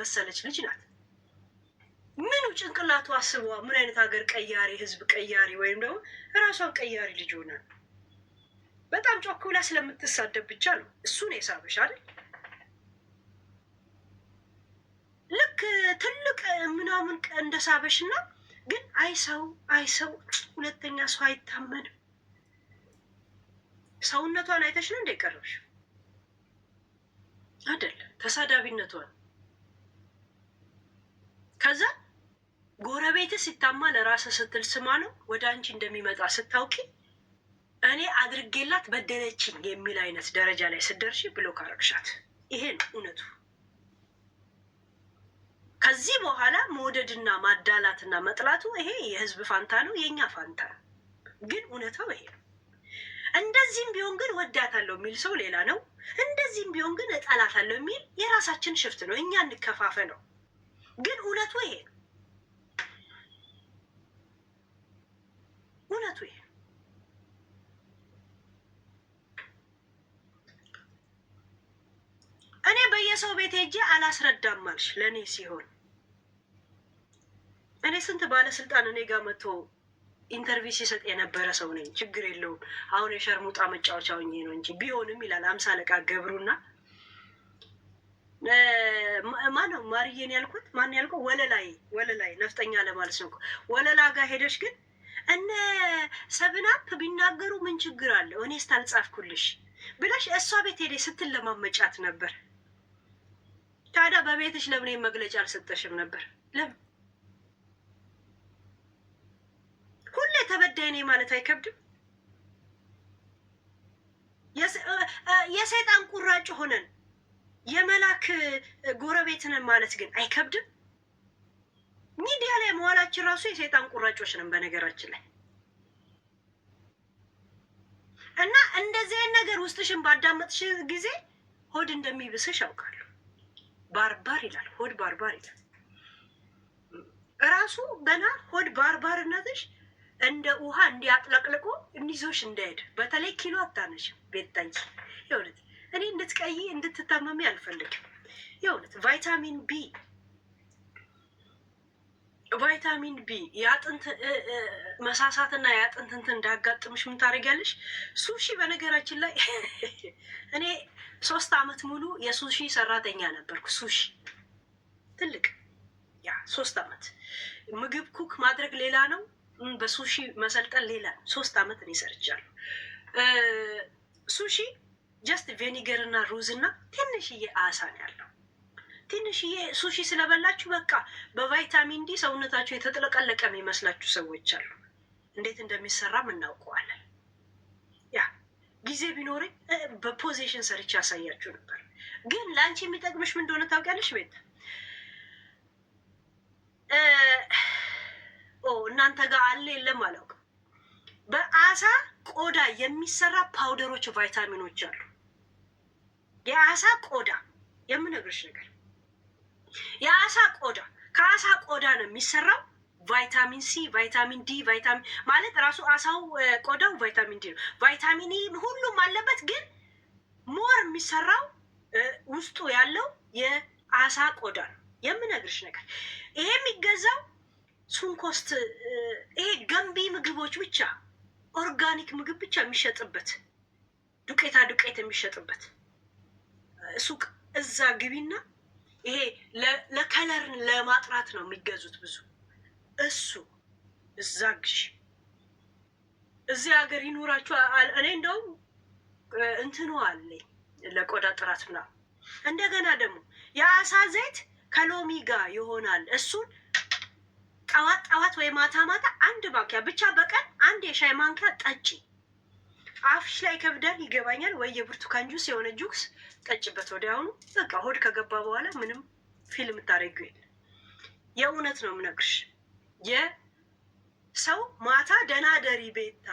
የበሰለች ልጅ ናት። ምኑ ጭንቅላቱ አስቧ ምን አይነት ሀገር ቀያሪ ህዝብ ቀያሪ ወይም ደግሞ እራሷን ቀያሪ ልጅ ሆነ በጣም ጮክ ብላ ስለምትሳደብ ብቻ ነው እሱን የሳበሽ አይደል? ልክ ትልቅ ምናምን እንደ ሳበሽ እና ግን አይ ሰው አይ ሰው ሁለተኛ ሰው አይታመንም። ሰውነቷን አይተሽ ነው እንደ ቀረብሽ አይደለም ተሳዳቢነቷን ከዛ ጎረቤት ሲታማ ለራስ ስትል ስማ ነው ወደ አንቺ እንደሚመጣ ስታውቂ እኔ አድርጌላት በደለችኝ የሚል አይነት ደረጃ ላይ ስደርሺ ብሎክ ይሄ ይሄን እውነቱ። ከዚህ በኋላ መውደድና ማዳላትና መጥላቱ ይሄ የህዝብ ፋንታ ነው፣ የእኛ ፋንታ ነው። ግን እውነታው ይሄ ነው። እንደዚህም ቢሆን ግን ወዳታለሁ የሚል ሰው ሌላ ነው። እንደዚህም ቢሆን ግን እጠላታለሁ የሚል የራሳችን ሽፍት ነው። እኛ እንከፋፈ ነው ግን እውነቱ ይሄ እውነቱ ይሄ እኔ በየሰው ቤት ሄጄ አላስረዳም አልሽ። ለእኔ ሲሆን እኔ ስንት ባለስልጣን እኔ ጋር መጥቶ ኢንተርቪው ሲሰጥ የነበረ ሰው ነኝ። ችግር የለውም። አሁን የሸርሙጣ መጫወቻ ሆኜ ነው እንጂ ቢሆንም ይላል አምሳ አለቃ ገብሩና ማነው ማርዬን ያልኩት? ማን ያልከው? ወለላይ ወለላይ ነፍጠኛ ለማለት ነው። ወለላ ጋር ሄደሽ ግን እነ ሰብናፕ ቢናገሩ ምን ችግር አለው? እኔ ስታልጻፍኩልሽ ብለሽ እሷ ቤት ሄደሽ ስትል ለማመጫት ነበር። ታዲያ በቤትሽ ለምን መግለጫ አልሰጠሽም ነበር? ለምን ሁሌ ተበዳይ ነኝ ማለት አይከብድም? የሰይጣን ቁራጭ ሆነን የመላክ ጎረቤትንን ማለት ግን አይከብድም። ሚዲያ ላይ መዋላችን ራሱ የሰይጣን ቁራጮች ነን በነገራችን ላይ እና እንደዚህ ነገር ውስጥሽን ባዳመጥሽ ጊዜ ሆድ እንደሚብስሽ ያውቃሉ። ባርባር ይላል ሆድ ባርባር ይላል ራሱ ገና ሆድ ባርባርነትሽ እንደ ውሃ እንዲያጥለቅልቆ እንዲዞሽ እንዳሄድ በተለይ ኪሎ አታነሽም ቤት ታይ እኔ እንድትቀይ እንድትታመሚ አልፈልግም። የእውነት ቫይታሚን ቢ ቫይታሚን ቢ የአጥንት መሳሳትና የአጥንት እንትን እንዳጋጥምሽ ምን ታደርጊያለሽ? ሱሺ በነገራችን ላይ እኔ ሶስት አመት ሙሉ የሱሺ ሰራተኛ ነበርኩ። ሱሺ ትልቅ ያ ሶስት አመት ምግብ ኩክ ማድረግ ሌላ ነው፣ በሱሺ መሰልጠን ሌላ ነው። ሶስት አመት እኔ ሰርቻለሁ ሱሺ ጀስት ቬኒገር እና ሩዝ እና ትንሽዬ አሳ ነው ያለው። ትንሽዬ ሱሺ ስለበላችሁ በቃ በቫይታሚን ዲ ሰውነታችሁ የተጥለቀለቀ የሚመስላችሁ ሰዎች አሉ። እንዴት እንደሚሰራም እናውቀዋለን። ያ ጊዜ ቢኖረኝ በፖዚሽን ሰርች ያሳያችሁ ነበር። ግን ለአንቺ የሚጠቅምሽ ምን እንደሆነ ታውቂያለሽ? ቤት እናንተ ጋር አለ የለም አላውቅም። በአሳ ቆዳ የሚሰራ ፓውደሮች ቫይታሚኖች አሉ። የአሳ ቆዳ የምነግርሽ ነገር የአሳ ቆዳ ከአሳ ቆዳ ነው የሚሰራው። ቫይታሚን ሲ፣ ቫይታሚን ዲ፣ ቫይታሚን ማለት ራሱ አሳው ቆዳው ቫይታሚን ዲ ነው። ቫይታሚን ኢ ሁሉም አለበት፣ ግን ሞር የሚሰራው ውስጡ ያለው የአሳ ቆዳ ነው የምነግርሽ ነገር። ይሄ የሚገዛው ሱንኮስት ይሄ ገንቢ ምግቦች ብቻ ኦርጋኒክ ምግብ ብቻ የሚሸጥበት ዱቄታ ዱቄት የሚሸጥበት ሱቅ እዛ ግቢና ይሄ ለከለር ለማጥራት ነው የሚገዙት ብዙ እሱ እዛ ግሽ እዚህ ሀገር ይኑራችሁ። እኔ እንደውም እንትኑ አለኝ ለቆዳ ጥራት ና እንደገና ደግሞ የአሳ ዘይት ከሎሚ ጋር ይሆናል። እሱን ጠዋት ጠዋት ወይ ማታ ማታ አንድ ማንኪያ ብቻ በቀን አንድ የሻይ ማንኪያ ጠጪ። አፍሽ ላይ ከብዳል ይገባኛል። ወይ የብርቱካን ጁስ የሆነ ጁስ ጠጭበት ወዲያውኑ። በቃ ሆድ ከገባ በኋላ ምንም ፊል ታደረጊው የለ። የእውነት ነው የምነግርሽ። የሰው ማታ ደናደሪ ቤታ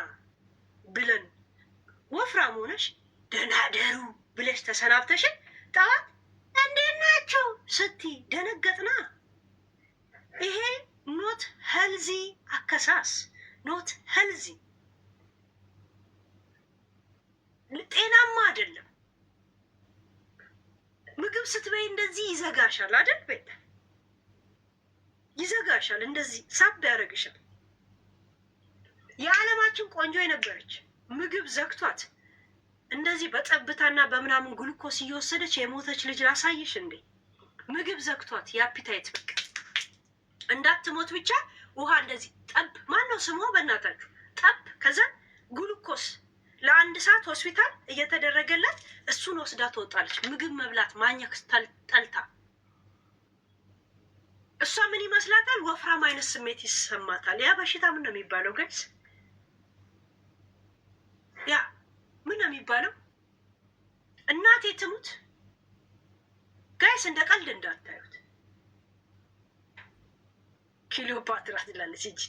ብለን ወፍራም ሆነሽ ደናደሩ ብለሽ ተሰናብተሽን ጠዋት እንዴት ናቸው ስቲ ደነገጥና። ይሄ ኖት ሄልዚ አከሳስ ኖት ሄልዚ ጤናማ አይደለም። ምግብ ስትበይ እንደዚህ ይዘጋሻል አይደል? በይ ይዘጋሻል፣ እንደዚህ ሳብ ያደርግሻል። የዓለማችን ቆንጆ የነበረች ምግብ ዘግቷት እንደዚህ በጠብታና በምናምን ግሉኮስ እየወሰደች የሞተች ልጅ ላሳየሽ እንዴ! ምግብ ዘግቷት የአፒታይት በቃ እንዳትሞት ብቻ ውሃ እንደዚህ ጠብ። ማን ነው ስሙ? በእናታችሁ ሆስፒታል እየተደረገላት እሱን ወስዳ ትወጣለች። ምግብ መብላት ማኘክ ጠልታ እሷ ምን ይመስላታል? ወፍራም አይነት ስሜት ይሰማታል። ያ በሽታ ምን ነው የሚባለው? ገጽ ያ ምን ነው የሚባለው? እናቴ ትሙት ጋይስ፣ እንደ ቀልድ እንዳታዩት። ኪሎፓትራ ትላለች እጅ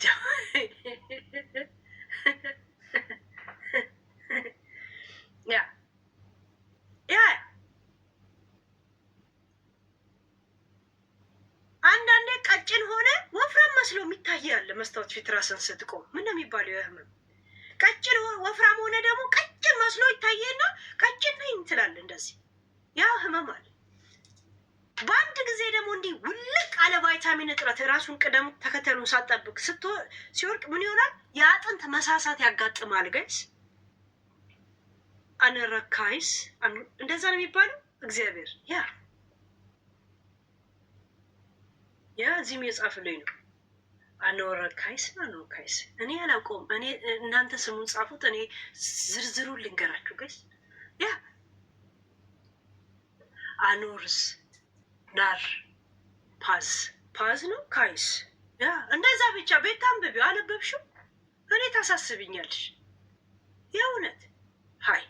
ትታያለህ መስታወት ፊት ራስን ስትቆም ምን የሚባለው? የህመም ቀጭን ወፍራም ሆነ ደግሞ ቀጭን መስሎ ይታየና ቀጭን ነኝ ትላለህ። እንደዚህ ያ ህመም አለ። በአንድ ጊዜ ደግሞ እንዲህ ውልቅ አለ ቫይታሚን እጥረት ራሱን ቅደም ተከተሉ ሳጠብቅ ሲወርቅ ምን ይሆናል? የአጥንት መሳሳት ያጋጥማል። ጋይስ አንረካይስ እንደዛ ነው የሚባለው። እግዚአብሔር ያ ያ እዚህም የጻፍልኝ ነው ነው ካይስ እኔ አላውቀውም። እኔ እናንተ ስሙን ጻፉት፣ እኔ ዝርዝሩን ልንገራችሁ ጋይስ። ያ አኖርስ ናር ፓዝ ፓዝ ነው ካይስ። ያ እንደዛ ብቻ ቤት አንብቢው። አነበብሽው? እኔ ታሳስብኛለሽ የእውነት ሀይ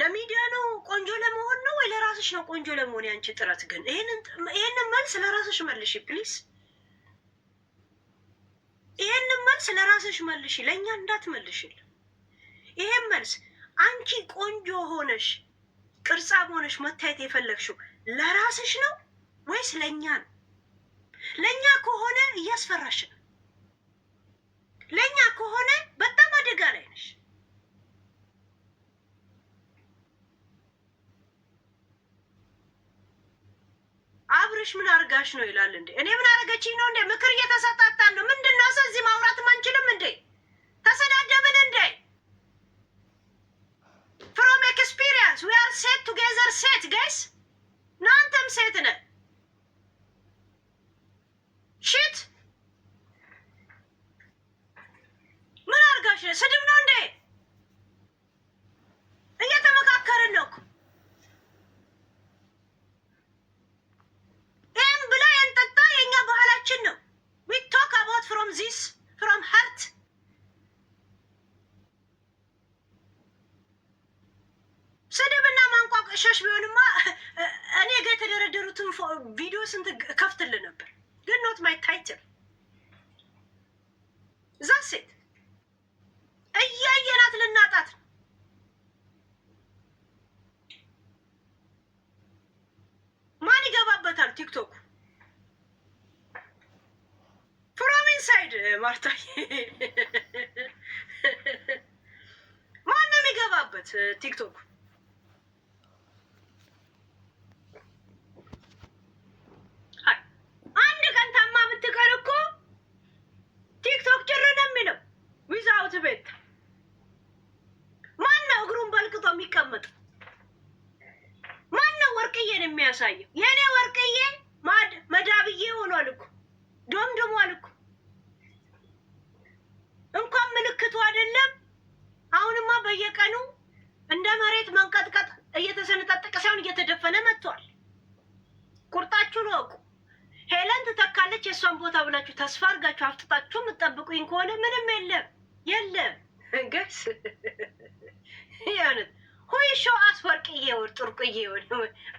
ለሚዲያ ነው ቆንጆ ለመሆን ነው ወይ ለራስሽ ነው ቆንጆ ለመሆን? ያንቺ ጥረት ግን ይህንን መልስ ለራስሽ መልሽ ፕሊስ። ይሄንን መልስ ለራስሽ መልሽ፣ ለእኛ እንዳትመልሽል። ይሄን መልስ አንቺ ቆንጆ ሆነሽ ቅርጻም ሆነሽ መታየት የፈለግሽው ለራስሽ ነው ወይስ ለእኛ ነው? ለእኛ ከሆነ እያስፈራሽ ነው። ለእኛ ከሆነ በጣም አደጋ ላይ ነሽ። ባልሽ ምን አርጋሽ ነው ይላል እንዴ? እኔ ምን አረገችኝ ነው እንዴ? ምክር እየተሰጣጣ ነው። ምንድን ነው ስለዚህ ማውራት አንችልም እንዴ? ተሰዳደብን እንዴ? ፍሮም ኤክስፒሪየንስ ዊ አር ሴት ቱጌዘር ሴት ጋይስ፣ ናንተም ሴት ነን። ሽት ምን አርጋሽ ነው ስድብ ነው የሰሩትን ቪዲዮ ስንት ከፍትል ነበር፣ ግን ኖት ታይትል እዛ ሴት እያየናት ልናጣት ነው። ማን ይገባበታል? ቲክቶክ ፍሮም ኢንሳይድ ማርታ፣ ማንም ነው የሚገባበት ቲክቶክ? የሚያሳየው። የእኔ ወርቅዬ መዳብዬ ሆኗል እኮ ዶምዶሟል እኮ እንኳን ምልክቱ አይደለም። አሁንማ በየቀኑ እንደ መሬት መንቀጥቀጥ እየተሰነጣጠቀ ሳይሆን እየተደፈነ መጥቷል። ቁርጣችሁን ወቁ። ሄለን ትተካለች የእሷን ቦታ ብላችሁ ተስፋ አድርጋችሁ አፍጥጣችሁ የምትጠብቁኝ ከሆነ ምንም የለም የለም ገስ ሁይሾ አስወርቅዬ ጥርቅዬ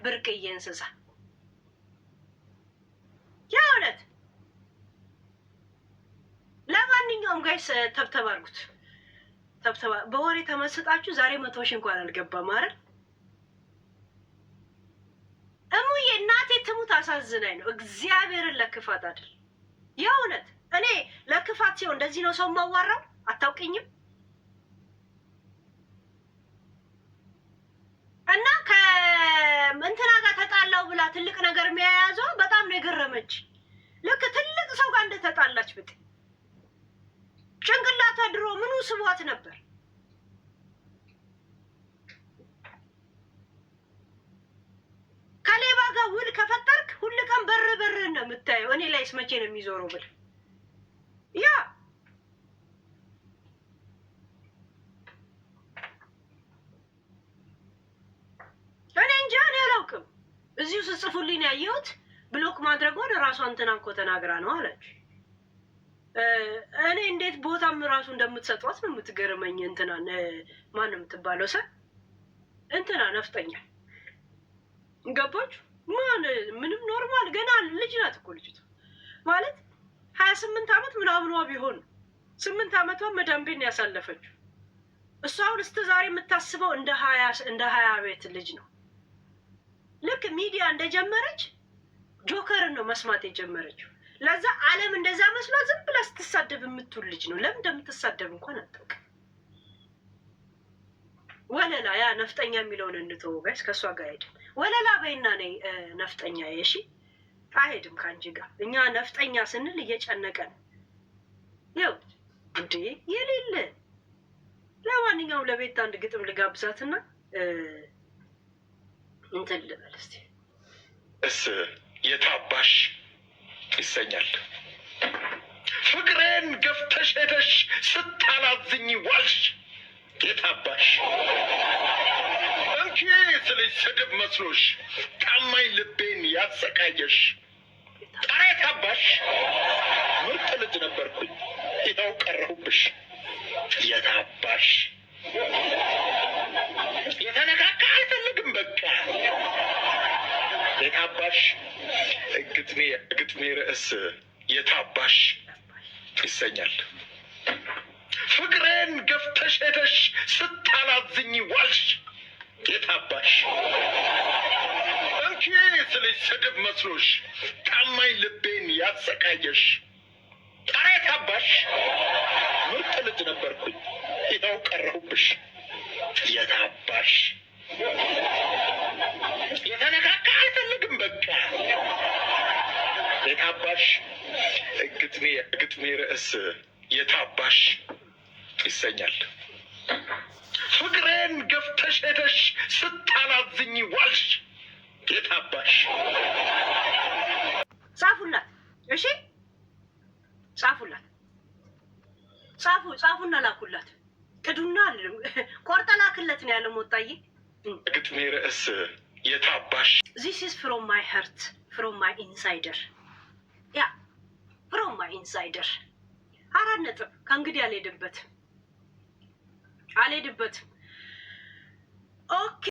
ብርቅዬ እንስሳ ያ እውነት። ለማንኛውም ጋይስ ተብተብ አድርጉት። ተብተባ በወሬ ተመስጣችሁ ዛሬ መቶ ሺህ እንኳን አልገባም አይደል? እሙዬ እናቴ ትሙት አሳዝናኝ ነው። እግዚአብሔርን ለክፋት አይደል? የእውነት እኔ ለክፋት ሲሆን እንደዚህ ነው ሰው ማዋራው። አታውቅኝም ትልቅ ነገር መያያዟ በጣም ነው የገረመች። ልክ ትልቅ ሰው ጋር እንደተጣላች ብት ጭንቅላቷ ድሮ ምኑ ስቧት ነበር። ከሌባ ጋር ውል ከፈጠርክ ሁል ቀን በር በርህን ነው የምታየው። እኔ ላይስ መቼ ነው የሚዞረው ብል ያ እዚሁ ስጽፉልኝ ያየሁት ብሎክ ማድረጓን ራሷ እንትና እኮ ተናግራ ነው አለች። እኔ እንዴት ቦታም ራሱ እንደምትሰጧት ነው የምትገርመኝ። እንትና ማን ነው የምትባለው? ሰ እንትና ነፍጠኛ ገባች። ማን ምንም ኖርማል ገና ልጅ ናት እኮ ልጅቷ ማለት ሀያ ስምንት ዓመት ምናምኗ ቢሆን ስምንት ዓመቷ መዳንቤን ያሳለፈችው እሷ አሁን እስከ ዛሬ የምታስበው እንደ ሀያ ቤት ልጅ ነው። ልክ ሚዲያ እንደጀመረች ጆከርን ነው መስማት የጀመረችው። ለዛ አለም እንደዛ መስሏ ዝም ብላ ስትሳደብ የምትውል ልጅ ነው። ለምን እንደምትሳደብ እንኳን አታውቅም። ወለላ ያ ነፍጠኛ የሚለውን እንተው ጋይስ፣ ከእሷ ጋር አይሄድም። ወለላ በይና ነ ነፍጠኛ የሺ አይሄድም ከአንቺ ጋር። እኛ ነፍጠኛ ስንል እየጨነቀን ያው እንዴ የሌለ ለማንኛውም ለቤት አንድ ግጥም ልጋብዛትና እንትን ልበል እስኪ እስ የታባሽ ይሰኛል። ፍቅሬን ገፍተሽ ሄደሽ ስታላዝኝ ዋልሽ የታባሽ እንኪ ስልሽ ስድብ መስሎሽ ጣማኝ ልቤን ያሰቃየሽ ጣራ የታባሽ ምርጥ ልጅ ነበርኩኝ ይኸው ቀረሁብሽ የታባሽ ታባሽ ግጥሜ ርዕስ የታባሽ ይሰኛል። ፍቅሬን ገፍተሽ ሄደሽ ስታላዝኝ ዋልሽ የታባሽ እንኪ ስልሽ ስድብ መስሎሽ ጣማኝ ልቤን ያሰቃየሽ ኧረ የታባሽ ምርጥ ልጅ ነበርኩኝ፣ ያው ቀረሁብሽ የታባሽ የግጥሜ ርዕስ የታባሽ ይሰኛል። ፍቅሬን ገፍተሽ ሄደሽ ስታላዝኝ ዋልሽ የታባሽ። ጻፉላት፣ እሺ ጻፉላት፣ ጻፉ ጻፉና ላኩላት። ቅዱና ቆርጠ ላክለት ነው ያለው ሞጣዬ። ግጥሜ ርዕስ የታባሽ ዚስ ኢዝ ፍሮም ማይ ሀርት ፍሮም ማይ ኢንሳይደር ያ ፍሮም ኢንሳይደር አራት ነጥብ። ከእንግዲህ አልሄድበትም አልሄድበትም። ኦኬ